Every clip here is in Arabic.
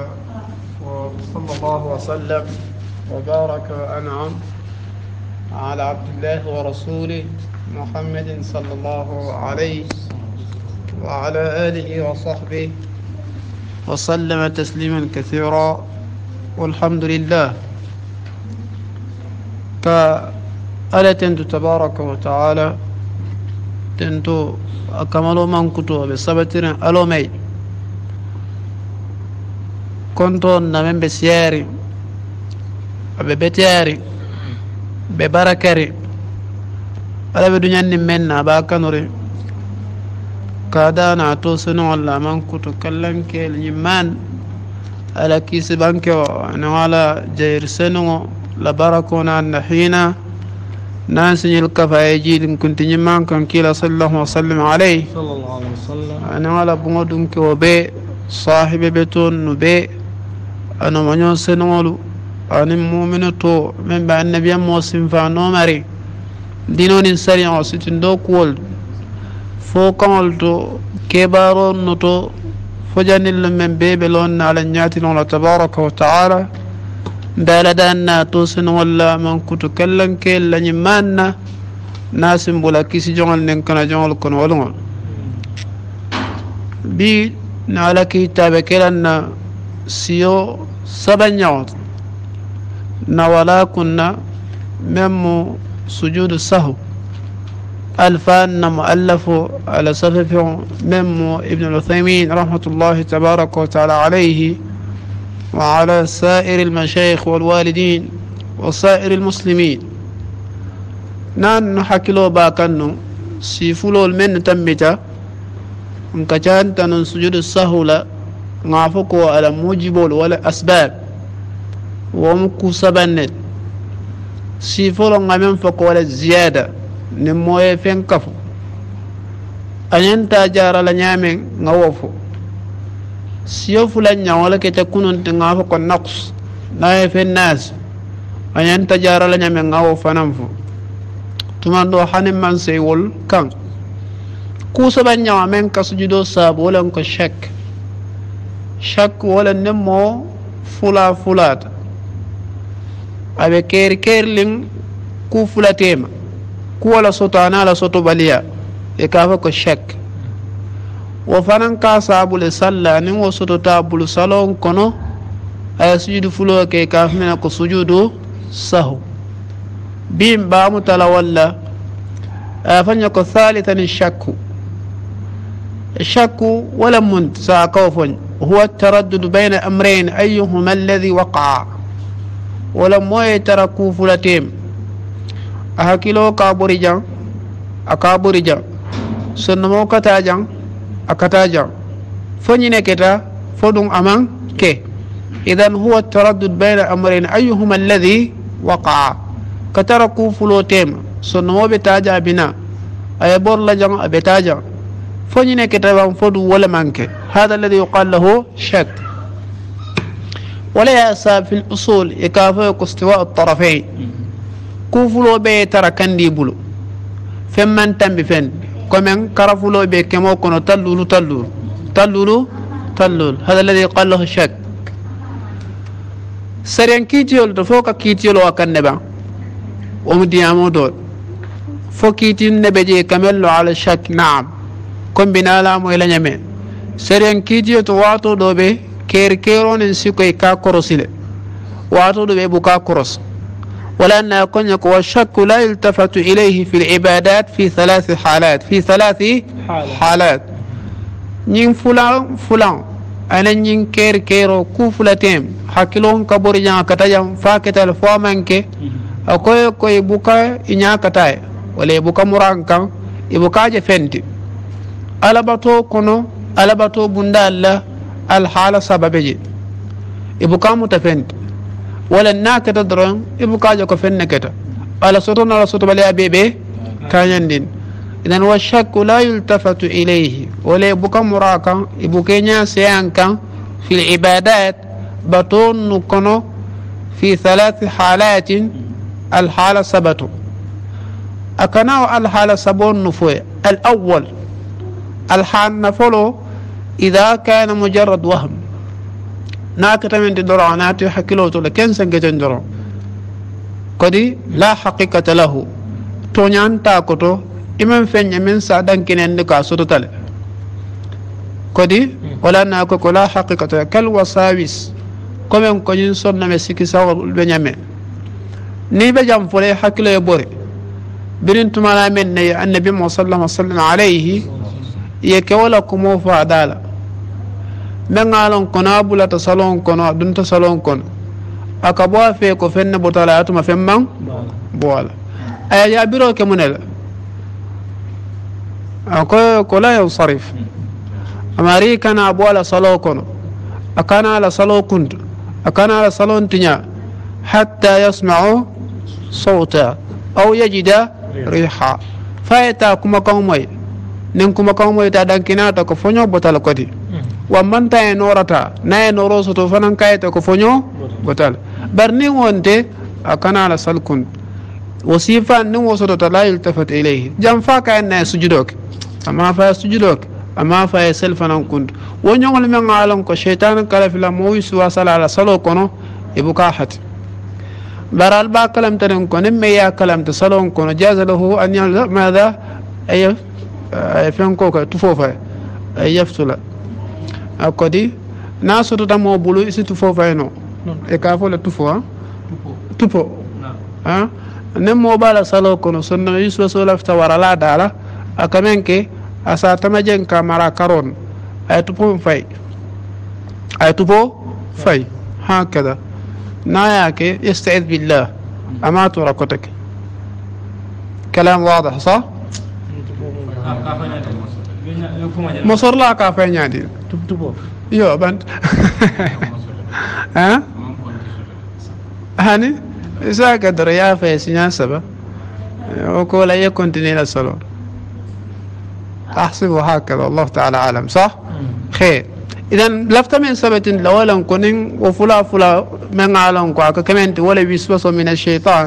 الله وصلى الله وسلم وبارك وأنعم على عبد الله ورسوله محمد صلى الله عليه وعلى آله وصحبه وسلم تسليما كثيرا والحمد لله فألا تنت تبارك وتعالى تنتو أكمل من كتب بسبتنا ميت كنتون نمن بسياري ببتياري ببركاري ألا بدنيا يعني نمنا باكا نوري كادانا توسنو ولا من كتو كلن كيل نمان ألا كيس بانكو نوالا جير سنو لبركونا نحينا ناس نلقى فايجي لم كنت نمان كان كيلا صلى الله عليه صلى الله عليه وسلم أنا ولا بمودن كوبي صاحب بيتون نبي ano maño senoolu anin mumine to min ɓe annabiyan mo sinfa nomari ndinonin sari o sitin dow kuwol fo kaŋol to kebaronno to fo janillu men beɓe lonna alah ñatinola tabaraka wa taala nde aladanna to senoŋol laman kuto kellankel lañin manna na simbula kisi joŋol nin kana joŋol kono wolŋol bi na ala kiittaɓe kelanna سيو sabanyawoto na كنا kunna men سجود السهو الفان مؤلف على صفه مم ابن العثيمين رحمة الله تبارك وتعالى عليه وعلى سائر المشايخ والوالدين وسائر المسلمين نان نحكي له باكنو سيفولو المن تمتا انكتان تنن سجود لا ŋaafoko ala mujibol wala asbab wom kusabannet sifolo ŋa meŋ fo ko wala ziyada niŋ moye feŋ kafu añaŋ taa jara la ñaameŋ ŋa wo fo siyo fula ñaŋ wala kete kunun ti ŋa fo ko naqs naa ye feŋ naasi añaŋ ta jara la ñaameŋ ŋa wo fanaŋ fo tumando haniŋ maŋ sey wol kaŋ kuusaba ñaŋa meŋ ka sujudo saabu wo leŋ ko chek shakku walan immoo fulaa fulaata abe keeri keerlin ku fulateema ku wala soto anaa la soto baliya e kaa fo ko shak wo fanan kaa saabule salla aniŋ wo sototaa bulu salon kono a ye sujudu fuloo ke kaa mena ko sujudu sahu biin baamu tala walla a ye fo ko thalitani shakku shakku wala mun saa kawo هو التردد بين أمرين أيهما الذي وقع ولم يتركوا فلتهم أهكيلو كابوري جان أكابوري جان سنمو كتا جان أكتا جان فنين كتا فدن أمان كي إذا هو التردد بين أمرين أيهما الذي وقع كتركوا فلتهم سنمو بتاجا بنا أيبور لجان أبتاجا فوني نك تبان فود ولا مانك هذا الذي يقال له شك ولا يأسى في الأصول يكافئ استواء الطرفين كوفلو بي تركن دي بلو فمن تم بفن كمن كرفلو بي كمو كنو تلولو تلولو تلولو تلول هذا الذي يقال له شك سرين كيتيول فوق كيتيول وكان نبا ومديامو دول فوكيتين نبجي كمل على الشك نعم kombina lamo ila nyame seren kidiyo to wato do be ker keronen sikoy e ka korosile wato do be buka koros ولأن يكون والشك لا يلتفت إليه في العبادات في ثلاث حالات في ثلاث حالات نين فلان فلان أنا نين كير كيرو كو فلتين حكيلون كبور جان كتاجم فاكت الفوامنك أكوي كوي بوكا إنيا كتاي ولا بوكا مرانكا إبوكا جفنتي alabato kono alabato bunda alla alhaala sababe je i buka muta na keta doron ibuka joko fenne keta ala sotono ala soto be ɓe kanyandin idan wa shakku la yultafatu ilayhi wala ibuka muraka mura nya i fil ibadat baton kan fi libadat nu kono fi halathi halatin alhaala sabatu a kana o alhaala sabon nu foye al awwal الحان نفلو إذا كان مجرد وهم ناكتا من تدرع ناتي حكيلو تولا كن سنجتن درع كدي لا حقيقة له تونيان تاكتو إمن فن يمن سعدان كنين لكا سرطل كدي ولا ناكوكو لا حقيقة كل وساويس كمين كنين سنة مسيكي سعور البنيامي نيبا جنفولي حكيلو يبوري برين تمالا من نيا النبي صلى الله عليه وسلم عليه ye kewola kumo fo dala mengalon kono a bulata salon kono a dunta salon kono a ka bo a fee ko feŋ ne bota la a tuma feŋ maŋ bo a la a ye jaabiroo ke mu ne la a ko ko la yansarif amari kana a bo a la saloo kono a kana a la saloo kuntu a kana a la salon tiña hatta yasmau sawta aw yajida riha fa ye taa kumakaŋo moyi nin kuma kan moyta ɗankinata ko foño botal kodi wammanta e norata na e noro soto fanan kayete ko foño botal bar nin wonte a kanala salkun wasifa nin wo sotota la yultafat ilayhi jam fa kayen na e sujudoke amma fa e sujudoke amma fa e sel fanan kuntu wo ñogol men alon ko cheytan kala fila mowi suwasala ala salo kono e buka hati bara alba kalamtanen ko nin me ya kalamta salon kono jaza lahu an yal mada ayo a ye fɛn ko kɛ tufo fɛ a ye yɛfutu la a kɔdi n'a sotota mɔɔ bolo bulu si tufo fɛ yen e k'a fɔ le tufo han tufo ha ne mɔɔ b'a la salɔ kɔnɔ sɔnna i sɔsɔ la tawara la da la a ka mɛn kɛ a sa tamajɛ ka mara karon a ye tufo fɛ a ye tufo fɛ han kɛda n'a y'a ke istaiz billah a m'a tora kɔtɛ kɛ كلام واضح صح؟ مصر لا ka fay ñaadi yo bant ha hani sa ka doro في سنة سبا saba o ko la ye continuer احسبه هكذا الله تعالى عالم صح خير اذا لفت من سبت لولا كنين وفلا فلا من عالم كواك أنت ولا بيسوس من الشيطان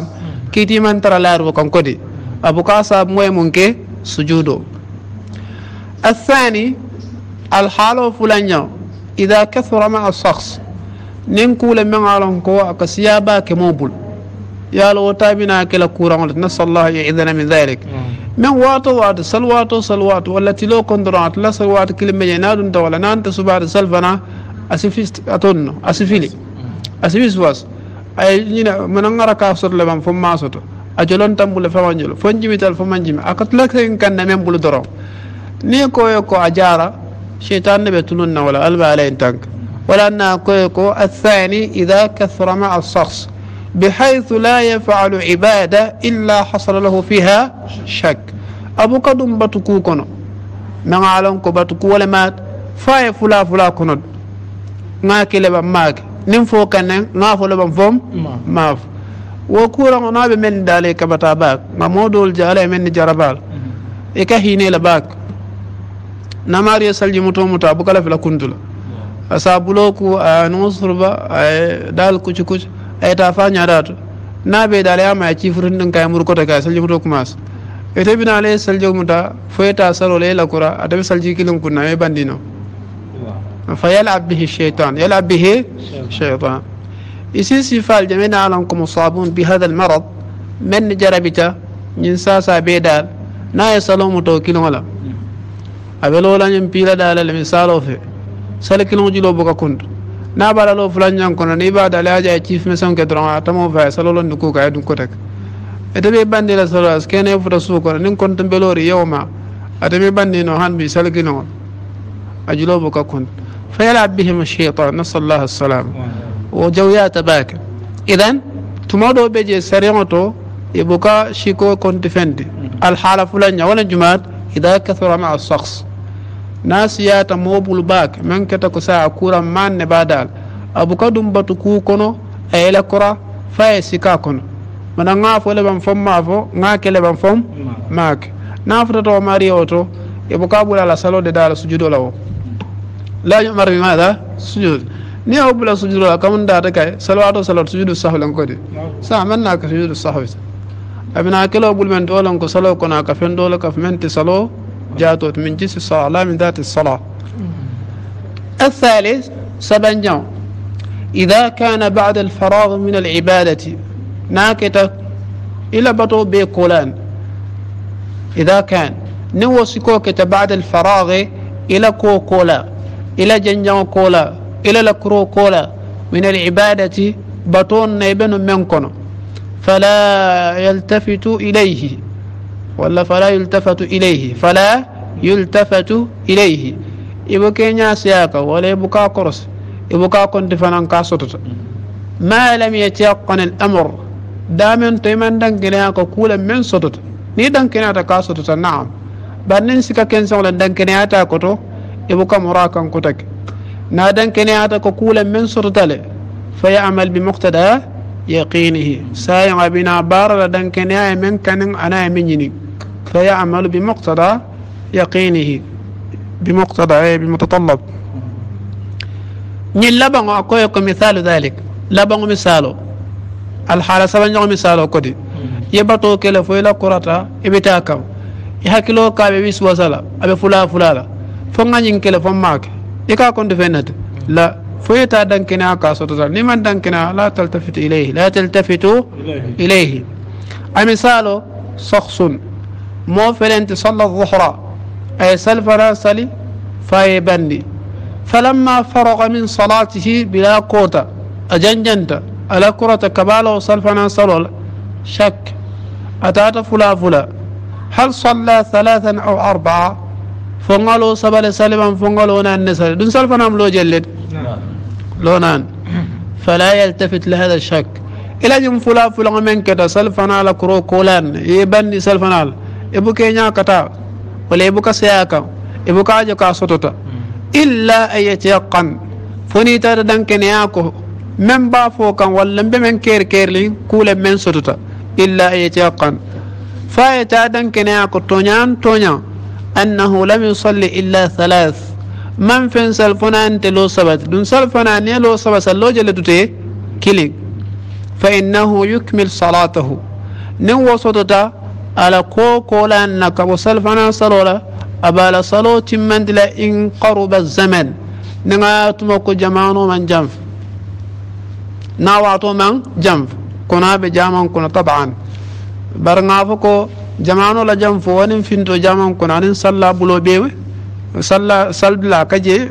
كيتي من ترى لا كودي ابو كاسا موي مونكي سجوده الثاني الحالة فلانيا إذا كثر مع الشخص ننكو لمن على كوا كسيابا كموبل يا لو تابنا كلا كورا نسأل الله يعيذنا من ذلك نعم. من واتو وات سلواتو سلوات ولا تلو كندرات لا سلوات كلمة انت ولا نانت سبار سلفنا أسفيست أتون أسفيلي نعم. أسفيس واس أي نينا من أنغرا كافسر لبن فما سوتو ajolon tambule famanjolo fonjimital fomanjimi akatlakayin kanna men bulu doron ni koyo ko a jara sheitan ne ɓe tununna wala alba alayin tanka wala na koyo ko athani ida kathra maa shahs بحيث لا يفعل عبادة إلا حصل له فيها شك أبو قدم باتكو كنو من عالم كو باتكو ولا مات فاي فلا فلا كنو ناكي لبا ماك نمفو كنن نافو لبا فوم ماف wo kuraŋonaɓe men dale kabata bak ma modol jala men ni jarabal e ka hinela bak namariye salji mutomuta asa a a kucu kucu a kote salji salji muta la kura salji kunna fa yalab bihi cheytan yalab bihi cheytan يسيسي فال جميع عالمكم مصابون بهذا المرض من جربته من ساسا بيدال نا يسالو متوكلون لا أبلو لا ينبيل دال المثال وفي سالكلون جلو بوكا كنت نا بارا لو فلان جان كنا نيبا دالي آجا يتشيف مسان كدران آتمو فاي سالو لن نكوكا يدن كتك أتبي باندي لسالو أسكيني فرسو كنا نين كنت بلوري يوما أتبي باندي نوحان بي سالكلون أجلو بوكا كنت فيلعب بهم الشيطان نسال الله السلام wo jawyata baake idan tuma ɗo ɓe je sariŋo to e buka siko konti fenti alhaala fulaña jumaat ida kathura maa shakhs na siyata mobulu baake meŋ keta ko saa kuran maŋ ne baa daal a buka kuu kono a yela kora fa ye sika kono mana ŋa fo leban fom maa fo ŋa ke fom maake na futata wo mariyo to e buka bula la salo de daala sujud ni haw bula sujudu kamun da ta kai salawatu salatu sujudu sahwi lan kodi sa man na ka sujudu sahwi abina kilo bul men dolan ko salo ko na ka fen dolo ka men ti salo jato min jisi sala min dati sala الثالث سبنجان إذا كان بعد الفراغ من العبادة ناكتة إلى بطو بيقولان إذا كان نوسكوكة بعد الفراغ إلى كوكولا إلى جنجان كولا إلى لكرو كولا من العبادة بطون نيبن منكن فلا يلتفت إليه ولا فلا يلتفت إليه فلا يلتفت إليه إبو كينيا سياكا ولا إبو كاكورس إبو كاكون دفنان كاسوتت ما لم يتيقن الأمر دامن تيمن دنكنياكا كولا من سوتت ني dan kene ata kaso to tanam banen sika ken sa wala dan kene ata نادن كني هذا كقول من سرطلة فيعمل بمقتضى يقينه ساي عبنا بار دن كني من كن أنا منين فيعمل بمقتضى يقينه بمقتضى بمتطلب نيل لبعض أقولك مثال ذلك لبعض مثاله الحالة سبعين يوم مثاله كذي يبتو كله فيلا كراتا يبتاعكم يهكلو كابي بيسوا سلا أبي فلا فلا فنعين كله فماك فلا إيكا كنت فينت لا فيتا دنكنا كاسوتر لمن دنكنا لا تلتفت إليه لا تلتفت إليه أمثال شخص مو فلنت صلى الظهر أي سلفنا سلي فاي بندي فلما فرغ من صلاته بلا كوتا أجنجنت على كرة كبالة وصلفنا صلول شك أتات فلا فلا هل صلى ثلاثا أو أربعة فنغلو sabale saliban فنغلو نان النسر دون سلفنام لو جلد نعم. لونان فلا يلتفت لهذا الشك إلا جم فلا فلا من كتا سلفنا على كرو كولان يبني إيه سلفنا على إبو كينيا كتا ولا إبو كسياكا إبو كاجو كاسوتوتا نعم. إلا أن يتيقن فني تاتا كنياكو من بافو كان ولا من كير كير لين كول من سوتوتا إلا أن يتيقن فايتا دن كنياكو تونيان تونيان أنه لم يصلي إلا ثلاث من فين سلفنا أنت لو سبت دون سلفنا أن لو سبت سلو جلدتي كيلين فإنه يكمل صلاته نو وسطتا على كو كولا أنك وسلفنا صلولا أبال صلو تمن دل إن قرب الزمن نغاتمك جمانو من جنف نواتو من جنف كنا بجامن كنا طبعا برنافكو jamano la jam fo wonin finto jaman ko nanin salla bulo bewe salla salla kaje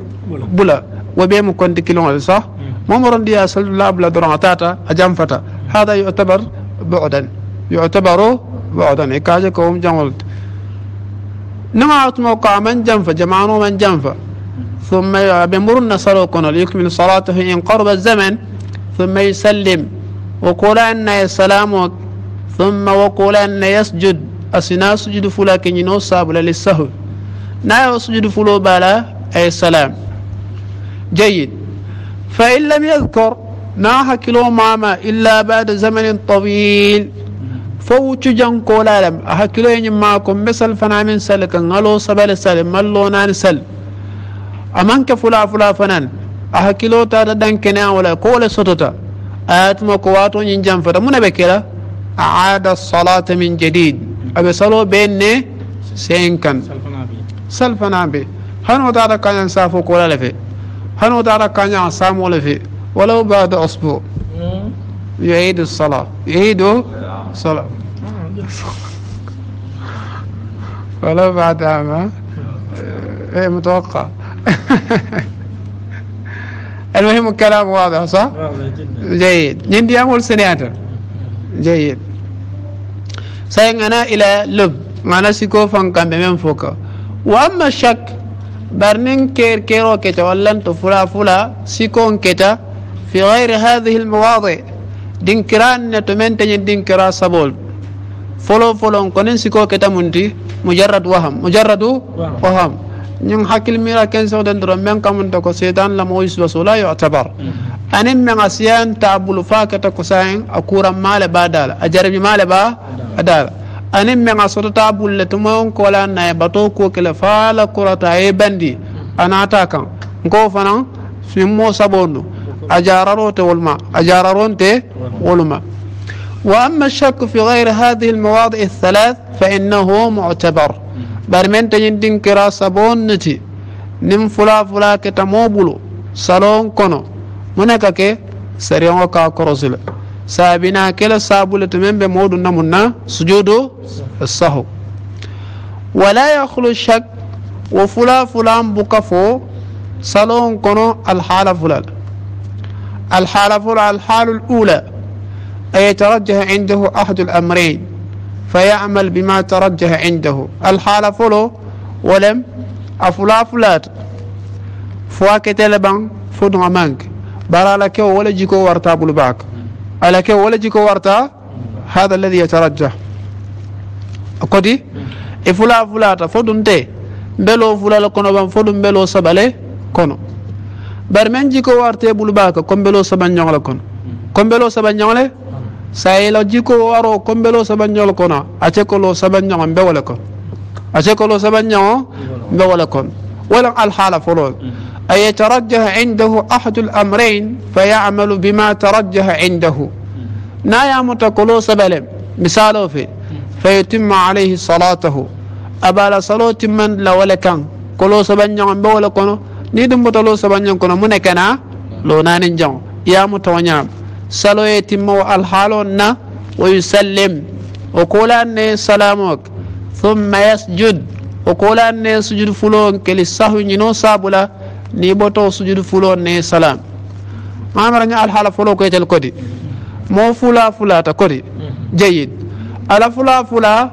bula wobe mo konti kilon sah momoron ndiya salla bula doron tata a fata hada yutabar bu'dan yu'tabaru bu'dan e kaje ko wom man نما أتموقع من جنف جمعانو من جنف ثم بمرن صلوكنا ليكمل صلاته إن قرب الزمن ثم يسلم وقول أن السلام ثم وقول أن يسجد أسنا سجد فلا ke ñino sabula li sahu nayo sujudu fulo bala ay salam جيد فإن لم يذكر نا هكلو ماما إلا بعد زمن طويل فو تجن جنكو لالم هكلو يني معكم مثل فنا من سلك نلو سبل سلم ملو نان سل أمان كفلا فلا فنان أهكلو تاتا دنكنا ولا كول سطتا آيات مكواتو ينجم فتا من أعاد الصلاة من جديد أبي صلوا بيني سينكن سلفنا بي هنو دارا كان ينصافو كولا لفي هنو دارا كان ينصامو لفي ولو بعد أسبوع يعيد الصلاة يعيد الصلاة ولو بعد عام إيه،, ايه متوقع المهم الكلام واضح صح؟ جيد جندي أمول سنياتر جيد سينغنا إلى لب معنا سيكو كان بمن فوكا وأما الشك برنين كير كيرو كتا ولن تفلا فلا سيكون كتا في غير هذه المواضع دينكران نتمن تنين دينكرا سبول فلو فلو كنن سيكو كتا منتي مجرد وهم مجرد وهم نين حكي الميرا كنسو دندرو من كمن تكو سيدان لم يسوس لا يعتبر anin men asiyan tabulu fa kata kusayin a kuran male ba dala a jarabi male ba a dala anin men asoto tabulu le tumayon kola na ya bato ko kele fala kurata ye bandi anata kan nko fana fimmo sabondo a jararote wolma a jararonte wolma وأما الشك في غير هذه المواضع الثلاث فإنه معتبر برمن تجندين كرا سبون نتي نم فلا فلا كتموبلو سالون كونو منك كي سريعو كا كروزل سابنا كلا سابولة من بمود نمنا سجود الصهو ولا يخلو الشك وفلا فلان بكفو صلون كنو الحال فلان الحال فلان الحال الأولى أي يترجح عنده أحد الأمرين فيعمل بما ترجح عنده الحال فلو ولم أفلا فلات فواكت لبن فدو منك بل على كو ولا جيكو ورتا وارتا بلباك على كو ولا جيكو ورتا هذا الذي يترجح أكدي إفلا فلا تفضن تي بلو فلا لكونو بان فضن بلو سبالي كونو بر من جيكو وارتا بلباك كم بلو سبان نيوغل كون كم بلو سبان نيوغل sayilo جيكو وارو كم بلو سبان نيوغل كونو أتكولو سبان نيوغل بولكو أتكولو سبان نيوغل بولكو ولا الحالة فلو أن يترجح عنده أحد الأمرين فيعمل بما ترجح عنده يا متكلو سبلم مثاله في فيتم عليه صلاته أبالا صلاة من لولك كان كلو سبن جان بولا كنو نيدم متلو سبن جان كنو من كنا لو نان جان يا متوانيا صلاة يتم الحالون ويسلم وقول أن سلامك ثم يسجد وقول أن يسجد فلون كل صحو نو سابلا ni ɓoto sujudu fulo ne salam mamaraña alhaala fulo koytel kodi mo fula fulata kodi jeyid ala fula fula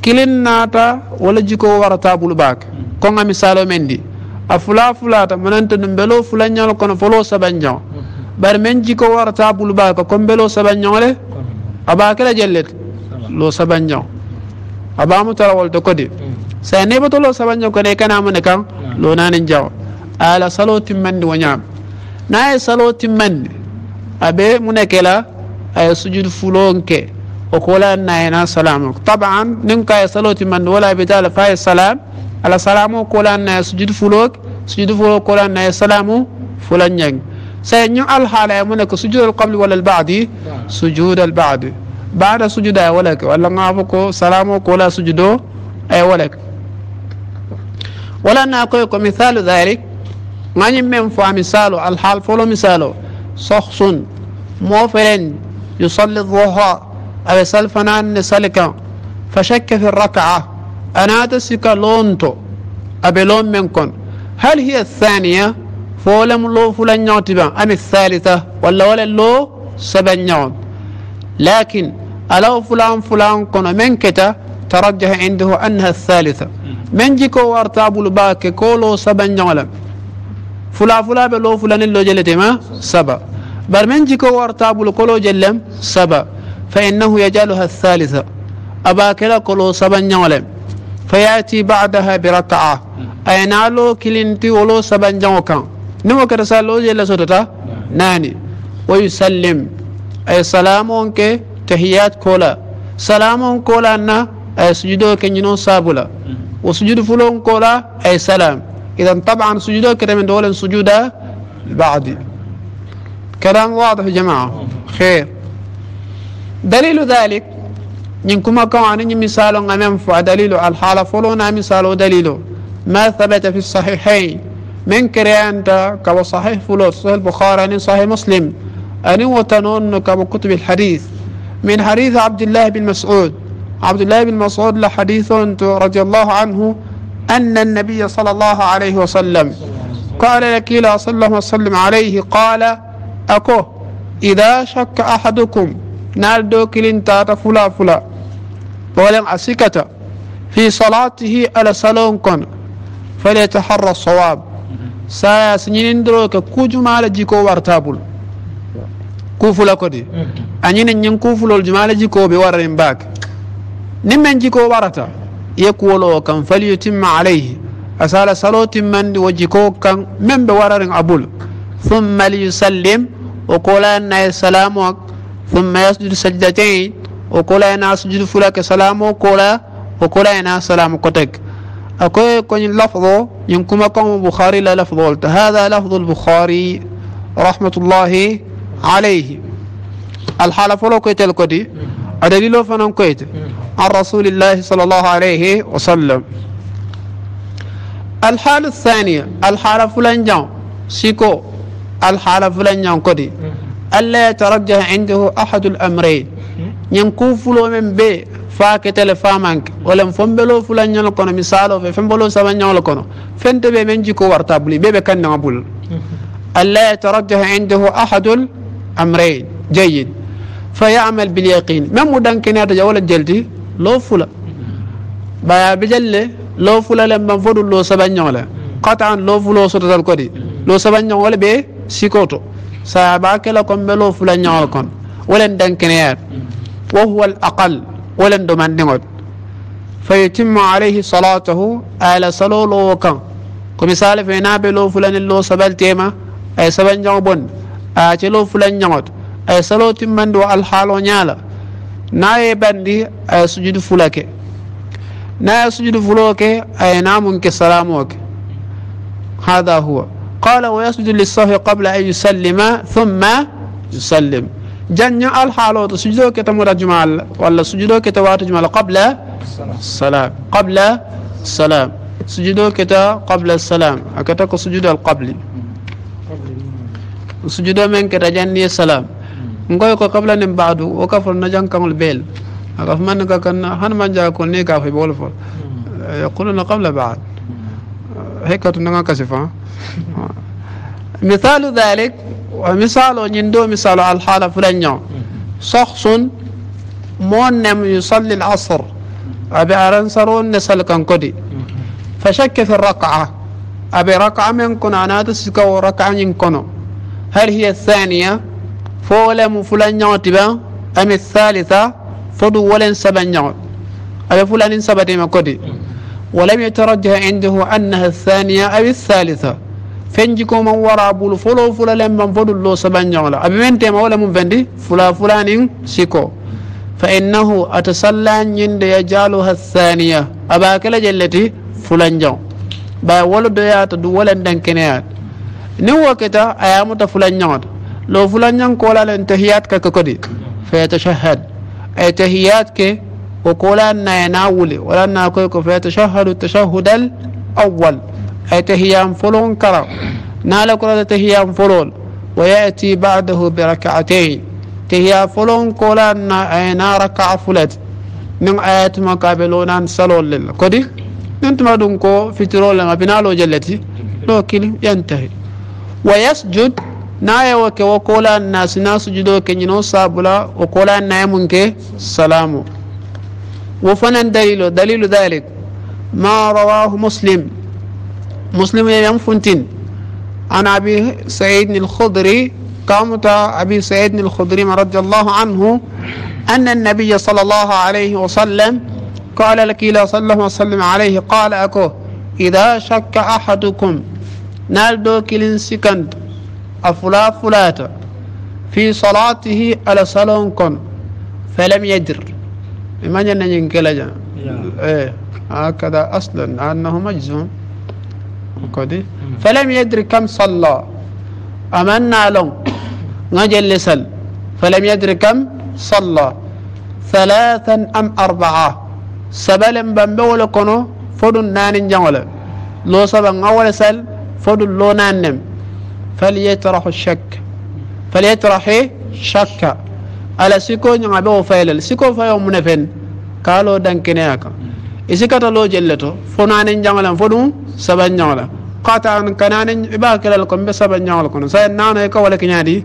kilin naata wala jiko warata bul ɓaak konga misalo men di a fula fulata mananta num mbelo fulañol kono folo saɓañjong bar men jiko warata bul ɓaak comme mbelo saɓañong le a ɓaakela jellet lo saɓañjong a ɓamutarawolta kodi mm. sa neɓatolo saɓañjong kone kanamone kan mm. lo nane jaw ala salo timmandi wo ñaam na ye salo timmandi a be mu ne ke la a ye sujud fulon ke o kola na ye na salamo taban nin ka ye salo timmandi wala be ta la fa ye salam ala salamo kolan na ye sujud fulo sujud fulo kola na ye salamo fulan ñang say ñu al hala ye mu ne ko sujud al qabli wala al ba'di sujud al ba'di بعد سجود أي ولك ولا نعفكو سلامو كولا سجدو أي ولك ولا نأكل مثال ذلك ngañi من فا مثالو الحال فلو مثالو شخص موفرن يصلي الضحى أو سلفنان نسلك فشك في الركعة أنا تسك لونتو أبي لون منكن هل هي الثانية فولم لو فلن يعتبا أم الثالثة ولا ولا لو سبن نعم لكن ألو فلان فلان كن من كتا ترجح عنده أنها الثالثة من جيكو وارتابو الباكي كولو سبن نعم فلا فلا بلو فلان اللو جلت ما سبا برمن جيكو ورطاب القلو جلم سبا فإنه يجعلها الثالثة أبا كلا قلو سبا نعلم فيأتي بعدها بركعة أينالو كلنتي ولو سبا نعوكا نمو كرسال لو جلس ستتا ناني ويسلم أي سلام أنك تهيات كولا سلام كولا أنه أي سجدو كنجنو سابولا وسجد فلون كولا أي سلام إذا طبعا سجوده كده من دول سجود بعد كلام واضح يا جماعة خير دليل ذلك ينكما كوانين مثال أمام دليل الحالة فلونا مثال دليل ما ثبت في الصحيحين من كريان كما صحيح فلوس صحيح البخاري صحيح مسلم أن وتنون كما كتب الحديث من حديث عبد الله بن مسعود عبد الله بن مسعود لحديث رضي الله عنه أن النبي صلى الله عليه وسلم قال لك إلى صلى الله وسلم عليه قال أكو إذا شك أحدكم نالدو كلين تاتا فلا فلا ولن أسكت في صلاته على سلون كن فليتحرى الصواب سايا سنين دروك كجمال جيكو وارتابل كوفلا كدي أنين نين كوفلو الجمال جيكو بوارن باك نمن جيكو وارتا يكولو كان فليتم عليه أسال صلاة من وجهكو كان من بورر أبول ثم ليسلم وقول أن سلامك ثم يسجد سجدتين وقول أن أسجد فلك سلام وقول وقول أن سلام قتك أكو كون لفظ ينكم قوم بخاري لا لفظ هذا لفظ البخاري رحمة الله عليه الحالة فلو كتل أدليل فنان كويت عن رسول الله صلى الله عليه وسلم الحالة الثانية الحالة فلان جان سيكو الحالة فلان جان كدي ألا يترجح عنده أحد الأمرين ينكوف له من بي فاكتل فامانك ولم فنبلو فلان جان لكونا مثاله فنبلو سبان جان لكونا فانت بي من جيكو وارتابلي بي بكنا مبول ألا يترجح عنده أحد الأمرين جيد فيعمل باليقين ما مدن كنا تجاول الجلدي لو فلا بيا بجلة لو فلا لما فدو لو سبان يولا قطعا لو فلو سرطة القدي لو سبان يولا بي سيكوتو ساباك لكم بلو فلا نيوكم ولن دن كنيات وهو الأقل ولن دمان نغد فيتم عليه صلاته على صلو وكان كمثال في نابلو فلان اللو سبال تيما أي سبان جوبون أتلو فلان نغد ay saloti mandi wa alhalo nyala na ye bandi ay sujudu fulake na ye sujudu fulake ay namun ke salamu ke hada huwa قال ويسجد للصف قبل أن يسلم ثم يسلم جن الحالو سجدو كتمر جمال ولا سجدو كتوات جمال قبل السلام قبل السلام سجدو كتا قبل السلام أكتاك سجد القبل سجدو من كتا جني السلام ngoy ko qabla nim baadu o kafro na jang kamul bel aga man ga kan han man ja ko ne ka fi bol fo hmm. eh, yaqulu qabla baad hekatu na ngaka sifa مثال ذلك ومثال نندو مثال الحالة فلان شخص مونم يصلي العصر أبي أرنسرون نسل كنكدي فشك في الركعة أبي رقعة من كنا ناتس كو ركعة هل هي الثانية fo wolemu fulanñaŋo ti ben ani thalitha fo du wolen sabanñaŋo a be fulanin sabatima koti walam yatarajjaha indahu annaha athaniya aw athalitha feñjikoman wara bulu folo fula lemman fo dullo sabanñaŋo la a be men tema wolemu fendi fula fulanin siko فإنه أتسلى عند يجعلها الثانية أبا كلا جلتي فلنجو با ولد يا تدو ولد دنكنيات نو وقتا أيامت فلنجو لو فلان كولا الانتهيات ككدي فيتشهد تهيات كي وكولا يناولي ولا ناكوكو فيتشهد التشهد الأول اتهيان فلون كرا نالا كولا تهيان فلون ويأتي بعده بركعتين تهيا فلون كولا نينا ركع فلت من آيات ما قابلونا سلول للكدي ننتما دونكو في ترول لما بنالو جلتي لو كلي ينتهي ويسجد naye wo ke wo kola na sina sujudo ke ñino sabula wo kola naye mun ke salamu wo fanan dalilu dalilu dalik ma rawahu muslim muslim yam funtin عن أبي سعيد الخضري قامت أبي سعيد الخضري رضي الله عنه أن النبي صلى الله عليه وسلم قال لك إلى صلى الله وسلم عليه قال أكو إذا شك أحدكم نال دو كلين سكند أفلا فلات في صلاته على صلون كن فلم يدر ما جنن جن إيه هكذا أصلا أنه مجزوم كذي فلم يدر كم صلى أمنا لهم نجل لسل فلم يدر كم صلى ثلاثا أم أربعة سبلا بمبول كنو فدن نان جنولا لو سبن أول سل فدن لو نان نم فليطرح الشك فليطرح شك على سكون يعبو فيلل سكون فيوم منفن قالوا دنكنياك إذا كتلو جلتو فنان جمالا فنو سبن جمالا قاتا أن كنان إباك للكم بسبن جمالا كنو سيد نانا يكو ولك نادي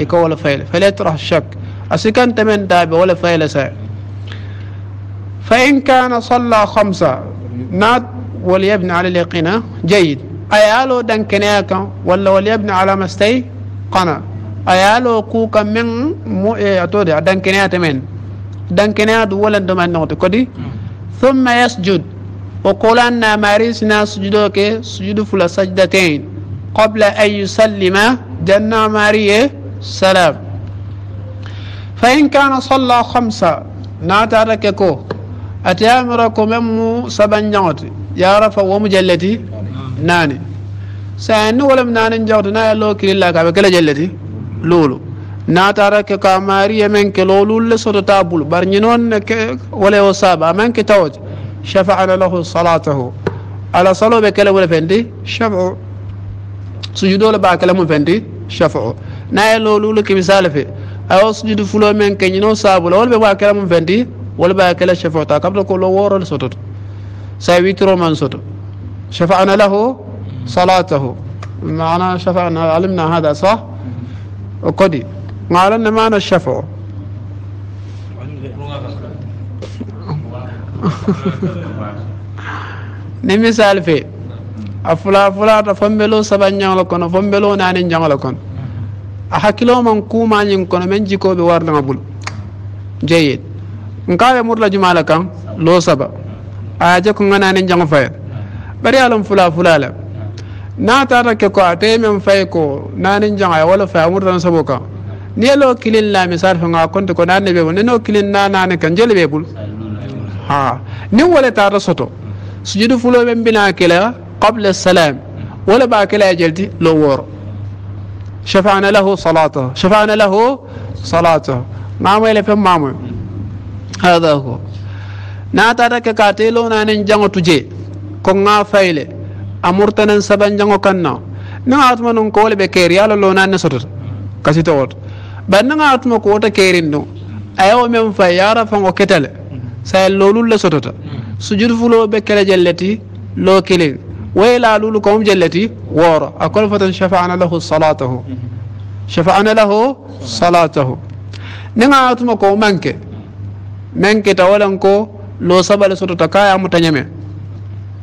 يكو ولا فيل فليطرح الشك أسكن تمن تابي ولا فيل سيد فإن كان صلى خمسة نات وليبن على اليقين جيد ayalo dankeneyaka walla walyabni ala mastay kana ayalo kuka men atode dankeneyata men dankeneya du wolandoman noxote kodi thumma yasjud o maris na sujudo ke sujudu fula sajdatain qabla an yusallima janna mariye salam fa in kana salla khamsa natata ke ko ati amira ko men mu sabanjaŋote yara fa womu jelleti ناني سان ولم نان جود نا لو كلا كاب كلا جلتي لولو ناتارك كاماري من كلولو لسوت تابول برنينون ولا وصاب من كتوج شفعنا له صلاته على صلو بكلا ولا فندي شفع سجودو لا باكلا مو فندي شفع نا لولو لك مثال في او سجود فلو من كنينو صابول ولا باكلا مو فندي ولا باكلا شفع تا قبل كل ورا لسوت سايترو من سوتو شفعنا له صلاته معنا شفعنا علمنا هذا صح وقدي ما ان معنى الشفع نمي سالفي أفلا فلا فملو سبان يغلقون فملو نان يغلقون أحكي من كوما ينكون من جيكو بوارد مبول جيد نقاوي مرلا جمالكا لو سبا أعجاكم أنا نان يغلقون bari alam fula fula la na tara ke ko ate men fay ko nanin janga wala fa amur tan sabo ka ni lo kilin la misal fa nga konto ko nan be wono kilin na nan kan jele be bul ha ni wala tara soto sujudu fulo be bina kila qabla salam wala ba kila jelti lo woro شفعنا له صلاته شفعنا له صلاته ما ما يلف ما هذا هو ناتا تك كاتيلو نانن جانو تجي konga fayle amurtanen sabanjango kanna nanga atuma non kole be keri yalo lo nanne sotota kasito woto bari nanga atuma ko wota kerin ɗum ayawo men fay yara fango ketale saya lolulle sotota sujud fulo be kele jelleti lo kilin wayla lulu komum jelleti wooro a kol foton chafana lahu salatahu chafana lahu salatahu nanga atuma ko manke men keta walan ko lo sabale sotota kayamo tañame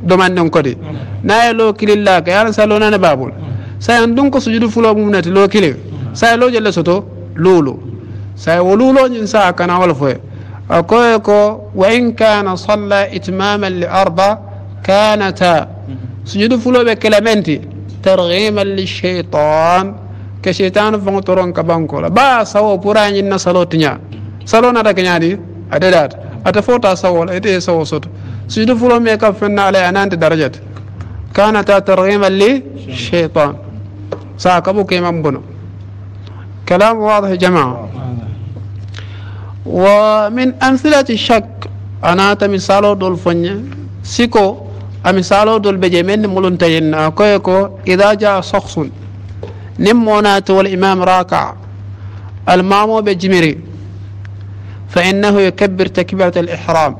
domanden kodi naye lo kililla ka yana sa lo nane babul saya ndun ko sujudu fulo mum nati lo kilin saya lo jelle soto lulu saya wo lulo nyin sa kana wala foye akoye ko wa in kana salla itmaman li arba kanata sujudu fulo be kelementi targhiman li shaytan ke shaytan fongo toron ka bankola ba sawo pura nyin na salo tinya salo nata kenyadi adedat ata fota sawola ite sawo soto سيدو فلوم يكفنا على أنان درجة كانت ترغيما للشيطان ساكبو كيما بنو كلام واضح جماعة ومن أمثلة الشك أنا تمثالو دول فنيا سيكو أمثالو دول بجمين ملون كويكو إذا جاء شخص نمونات والإمام راكع المامو بجمري فإنه يكبر تكبيرة الإحرام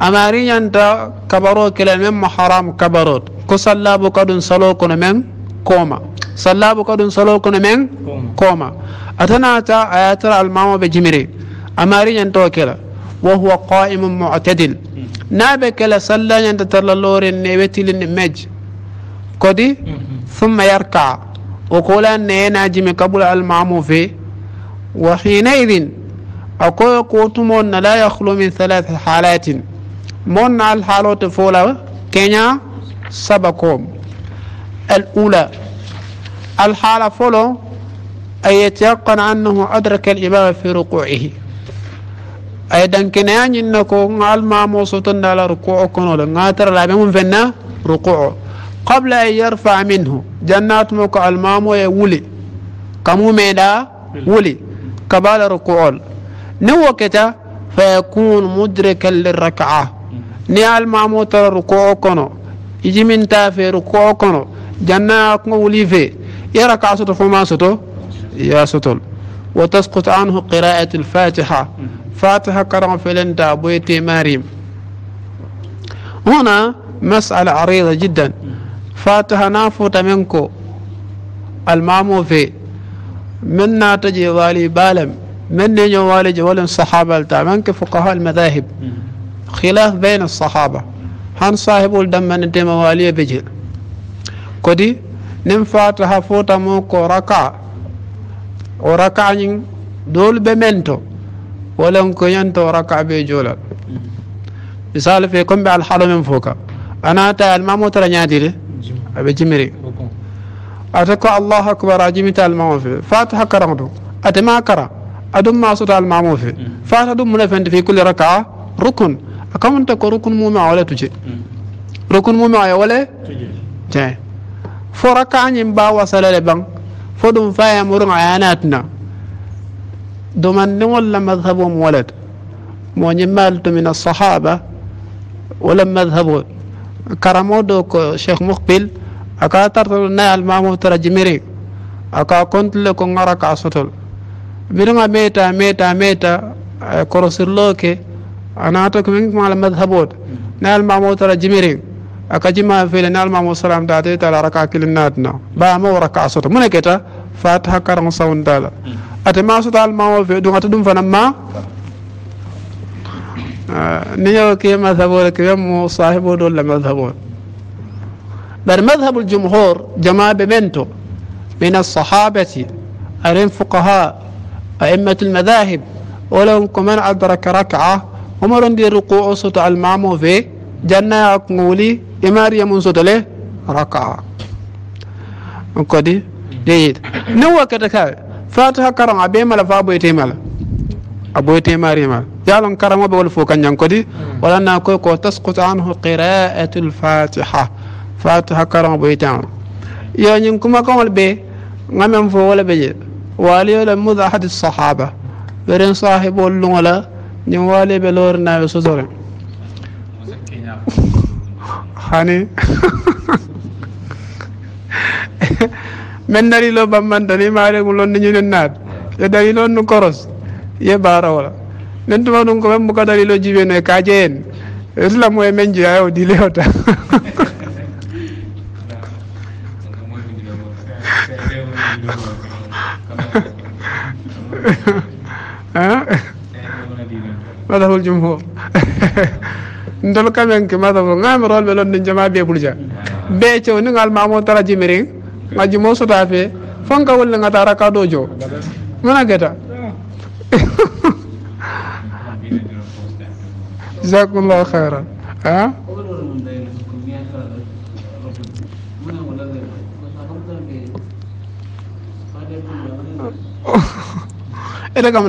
amaariñanta kabaro kilal men mo haram kabarot ko sallabu kadum salo kono men kooma sallabu kadum salo kono men kooma atanata a yatara almamoɓe jimiri amaariñanto kela wa huwa qaimun mutadil naɓe kela sallañanta tarla loren ne wettilinde mejj kodi thumma yarkaa o kolan neyena jimi kabula almamu fe wa hinaidin akoye kotumon na la yahlu min halath halatin مون على حالات فولا كينيا سبقهم الأولى الحالة فولا أن يتيقن أنه أدرك الإمام في ركوعه أيضا كنا ينكو على ما موصوتنا على ركوعكم ولا ناتر لا بمن فينا ركوعه قبل أن يرفع منه جنات موقع المامو ويولي كمو ميدا ولي كبال ركوع نوكتا فيكون مدركا للركعة ni almamo tara rukuo kono ijiminta fe rukuo kono janna kuma wuli fe yara ka soto fuma soto ya sotol wa tasqut anhu qira'atu al-fatiha fatiha karam felenta boyte marim هنا مسألة عريضة جدا فاتها نافوت منكو المامو في منا تجي والي بالم من يجي والي جوال الصحابة منك فقهاء المذاهب خلاف بين الصحابة هن صاحب الدم من الدم والي بجي كدي نم فاتها فوتا موكو ركع وركع نين دول بمنتو ولن كينتو ركع بجولا مثال في كم بعل من فوكا أنا تعال المامو موتر نادي أبي جمري أتكو الله أكبر أجمي تعال ما موفي فاتها كرمدو أتما كرم أدم ما المامو في فاتها دم في كل ركعة ركن akamunta ko rukun mumea wala tuje rukun mumea ya wala tuje fo rakañin ba wasalale ɓang fo ɗum fayamurun ayanatna domandiŋol la madhabum walat moñin maaltu min asahaba wala madhabu karamo do ko cheikh mukbil aka tartol na almamu tara jimiri aka kontule ko ŋara ka sotol biriŋa meta meta meta korosirlo ke انا اتوك من مال مذهبوت نال ما موت على جميري اكجما في نال ما مو سلام داتي تا ركع كل نادنا با مو ركع صوت من كتا فاتحه كرم صون دال اتي ما صوت ما مو في دون اتدم فنا ما آه، نيو كي مذهبوت كي مو صاحبو دول مذهبوت بل مذهب الجمهور جماعة بمنتو من الصحابة أرين فقهاء أئمة المذاهب ولهم كمان أدرك ركعة omorondiyeru ko o soto almamo fe jannaya ko wuli e mariya mum sotole raka kodi deyit nin wakkata kawe fatiha karan a be mala fa boyte mala a boyte mari mala yalon karangoɓe wol fo kanjan kodi walanna koy ko taskutu anhu qira'atu lfatiha fatiha karan boyte ama yo ñin kuma kawol ɓe gamen fo wola ɓe je waliyole mud ahadi sahaba weren sahibol lugola ñu walé be lor na yo zoré hani men dari lo man tani maare rek lon ni naat ya dari lon nu koros ye bara wala nen tuma dun ko mem ko dari lo jibe ne ka jeen islam moy men ji ayo di leota loolu waxul jumhur ndol kamen ke mata ngam rol be lon jama be bulja be cew ni ngal ma mo tara jimiri ngaji mo sota fe fonka wol nga tara ka dojo mana geta jazakumullahu khairan ha ede kam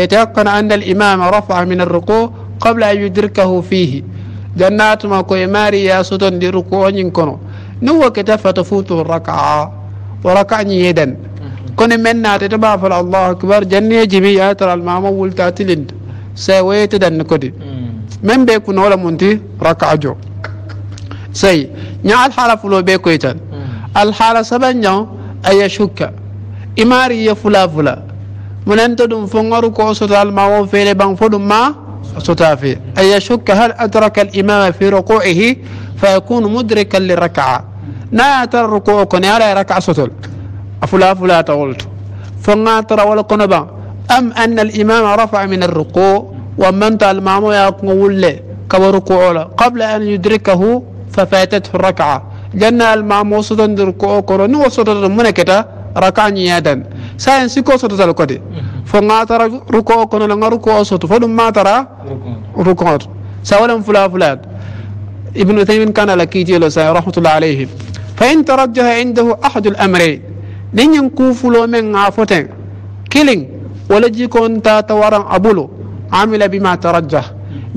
يتيقن أن الإمام رفع من الركوع قبل أن يدركه فيه جنات ما كو ماري يا سوتون دي ركوع ينكونو نو كتفة تفوت الركعة وركع يدن كون من تتبع الله أكبر جنة جميع ترى الماما ولتاتلين سويت دن كدي من بيكون ولا منتي ركع جو سي نعال الحالة فلو بيكويتن الحالة سبن أي شكا إماري فلا فلا مننتو دم فنغر كو سوتا الماو فيل بان فدم ما سوتا في اي شك هل ادرك الامام في ركوعه فيكون مدركا للركعه نا تر ركوع كن على ركعه سوتل افلا فلا تولت فنغا ترى ولا كنبا ام ان الامام رفع من الركوع ومن تال مامو يقول كنول كبركوع قبل ان يدركه ففاتته الركعه جنا المامو سوتن دركوع كرو نو سوتن منكتا ركعه ساين سيكو سوتو تالو كوتي فو ناتارا روكو كون لا روكو سوتو فدوم ماتارا روكو روكو ساولم فلا فلات ابن تيمين كان لكي جيلو ساي رحمه الله عليه فان ترجح عنده احد الامرين نين ينكو فلو من غافوتين كيلين ولا جيكون تا تورا ابولو عمل بما ترجح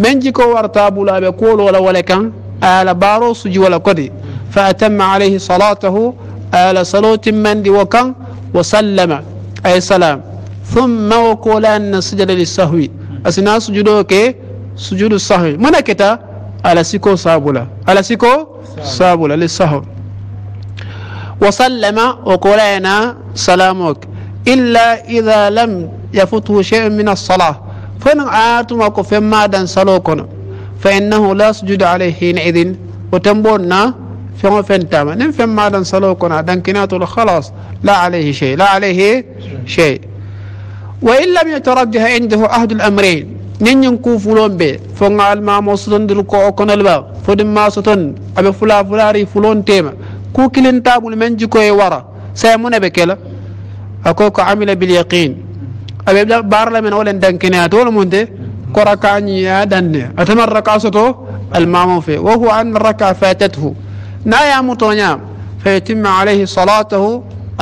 من جيكو ورتا ابولا بكول ولا ولا كان على بارو سجي ولا كودي فاتم عليه صلاته على صلوت من دي وكان وسلم أي سلام ثم وقول أن سجد للسهو أسنا سجدوك سجود السهو من كتا على سيكو سابولا على سيكو سابولا للسهو وسلم وقول أنا سلامك إلا إذا لم يفوته شيء من الصلاة فإن وقف ما دان فإنه لا سجد عليه حينئذ وتنبونا فين فين تاما نم فين ما دن سلوكنا دن كناتو خلاص لا عليه شيء لا عليه شيء وإن لم يترجح عنده أحد الأمرين نين ينكو فلون بي فنغا الما موسطن دلقو أكون الباغ فدن ما سطن أبي فلا فلاري فلون تيما كو كلين تابو لمن جكو يورا سيمون بكلا أكوكو عمل باليقين أبي بارلا من أولا دن كناتو لمنتي كورا يا دن أتمر ركعة المامو فيه وهو أن الركعة فاتته نا يا متونيا فيتم عليه صلاته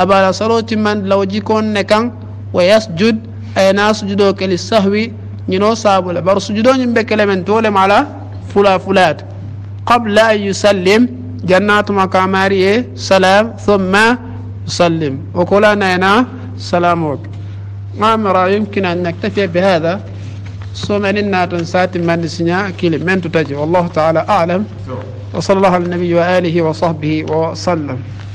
أبالا صلوة من لو جيكون نكان ويسجد أي ناس جدوك للسهو ينو صابو لبر سجدون ينبك لمن تولم على فلا فلات قبل أن يسلم جنات مكاماري سلام ثم يسلم وكلنا هنا سلامك ما مرأ يمكن أن نكتفي بهذا سومن ناتن سات من سنيا كل من تتجي والله تعالى أعلم وصلى الله على النبي وآله وصحبه وسلم